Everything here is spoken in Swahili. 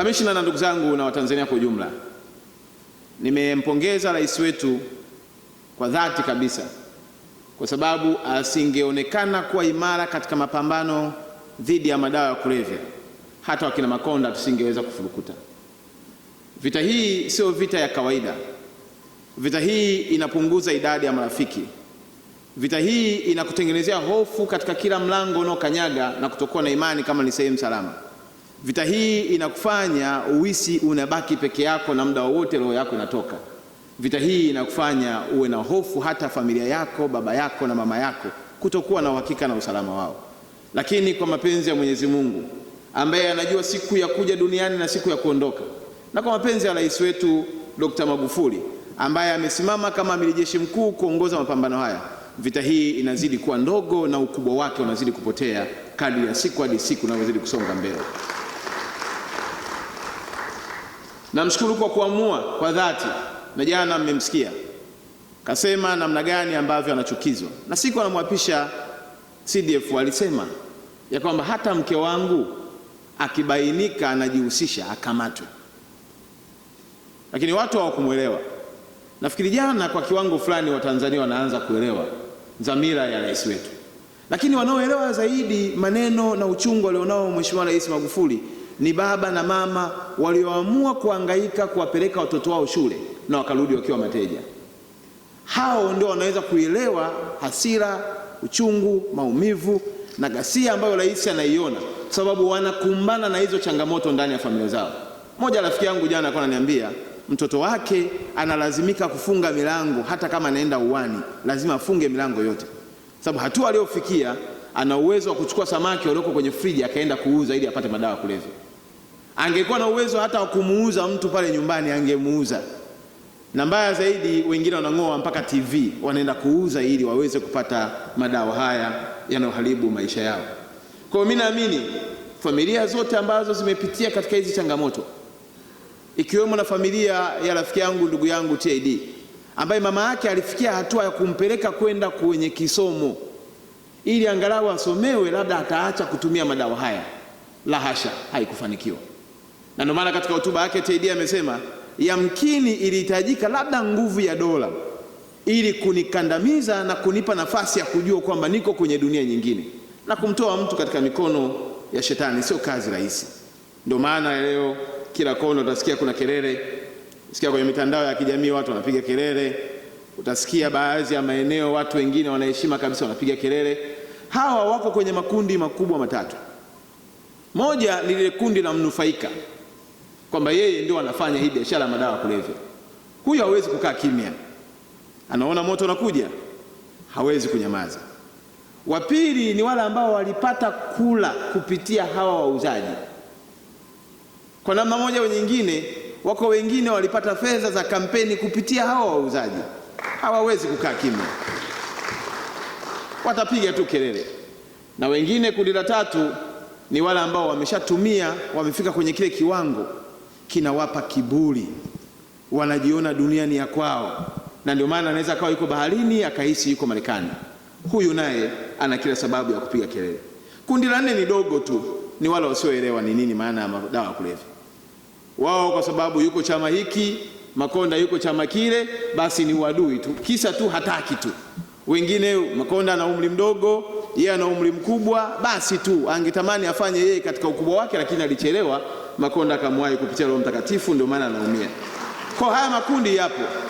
Kamishna na ndugu zangu na Watanzania kwa ujumla, nimempongeza rais wetu kwa dhati kabisa, kwa sababu asingeonekana kuwa imara katika mapambano dhidi ya madawa ya kulevya, hata wakina Makonda tusingeweza kufurukuta. Vita hii sio vita ya kawaida. Vita hii inapunguza idadi ya marafiki. Vita hii inakutengenezea hofu katika kila mlango unaokanyaga na kutokuwa na imani kama ni sehemu salama. Vita hii inakufanya uwisi unabaki peke yako, na muda wowote roho yako inatoka. Vita hii inakufanya uwe na hofu, hata familia yako, baba yako na mama yako, kutokuwa na uhakika na usalama wao. Lakini kwa mapenzi ya Mwenyezi Mungu ambaye anajua siku ya kuja duniani na siku ya kuondoka, na kwa mapenzi ya rais wetu Dr. Magufuli ambaye amesimama kama amiri jeshi mkuu kuongoza mapambano haya, vita hii inazidi kuwa ndogo na ukubwa wake unazidi kupotea kadri ya siku hadi siku unavyozidi kusonga mbele. Namshukuru kwa kuamua kwa dhati, na jana mmemsikia kasema namna gani ambavyo anachukizwa na siku anamwapisha CDF alisema ya kwamba hata mke wangu akibainika anajihusisha akamatwe, lakini watu hawakumwelewa. Nafikiri jana kwa kiwango fulani Watanzania wanaanza kuelewa dhamira ya rais wetu, lakini wanaoelewa zaidi maneno na uchungu alionao Mheshimiwa Rais Magufuli ni baba na mama walioamua kuangaika kuwapeleka watoto wao shule na wakarudi wakiwa mateja. Hao ndio wanaweza kuelewa hasira, uchungu, maumivu na ghasia ambayo rais anaiona, sababu wanakumbana na hizo changamoto ndani ya familia zao. Moja rafiki yangu jana alikuwa ananiambia mtoto wake analazimika kufunga milango, hata kama anaenda uwani lazima afunge milango yote, sababu hatua aliyofikia ana uwezo wa kuchukua samaki walioko kwenye friji akaenda kuuza ili apate madawa kulevya. Angekuwa na uwezo hata wa kumuuza mtu pale nyumbani angemuuza, na mbaya zaidi wengine wanang'oa mpaka TV wanaenda kuuza ili waweze kupata madawa haya yanayoharibu maisha yao. Kwa mimi naamini familia zote ambazo zimepitia katika hizi changamoto ikiwemo na familia ya rafiki yangu ndugu yangu TID ambaye mama yake alifikia hatua ya kumpeleka kwenda kwenye kisomo ili angalau asomewe, labda ataacha kutumia madawa haya. La hasha, haikufanikiwa na ndio maana katika hotuba yake TD amesema yamkini ilihitajika labda nguvu ya dola ili kunikandamiza na kunipa nafasi ya kujua kwamba niko kwenye dunia nyingine, na kumtoa mtu katika mikono ya shetani sio kazi rahisi. Ndio maana leo kila kona utasikia kuna kelele, sikia kwenye mitandao ya kijamii watu wanapiga kelele, utasikia baadhi ya maeneo watu wengine wanaheshima kabisa wanapiga kelele. Hawa wako kwenye makundi makubwa matatu. Moja ni lile kundi la mnufaika kwamba yeye ndio anafanya hii biashara ya madawa kulevya. Huyo hawezi kukaa kimya, anaona moto unakuja, hawezi kunyamaza. Wa pili ni wale ambao walipata kula kupitia hawa wauzaji, kwa namna moja au nyingine. Wako wengine walipata fedha za kampeni kupitia hawa wauzaji, hawawezi kukaa kimya, watapiga tu kelele. Na wengine, kundi la tatu, ni wale ambao wameshatumia, wamefika kwenye kile kiwango kinawapa kiburi, wanajiona dunia ni ya kwao, na ndio maana anaweza akawa yuko baharini akahisi yuko Marekani. Huyu naye ana kila sababu ya kupiga kelele. Kundi la nne ni dogo tu, ni wale wasioelewa ni nini maana ya madawa ya kulevya. Wao kwa sababu yuko chama hiki, Makonda yuko chama kile, basi ni uadui tu, kisa tu hataki tu. Wengine Makonda ana umri mdogo yeye ana umri mkubwa, basi tu angetamani afanye yeye katika ukubwa wake, lakini alichelewa. Makonda akamwahi kupitia Roho Mtakatifu, ndio maana anaumia. Kwa haya makundi yapo,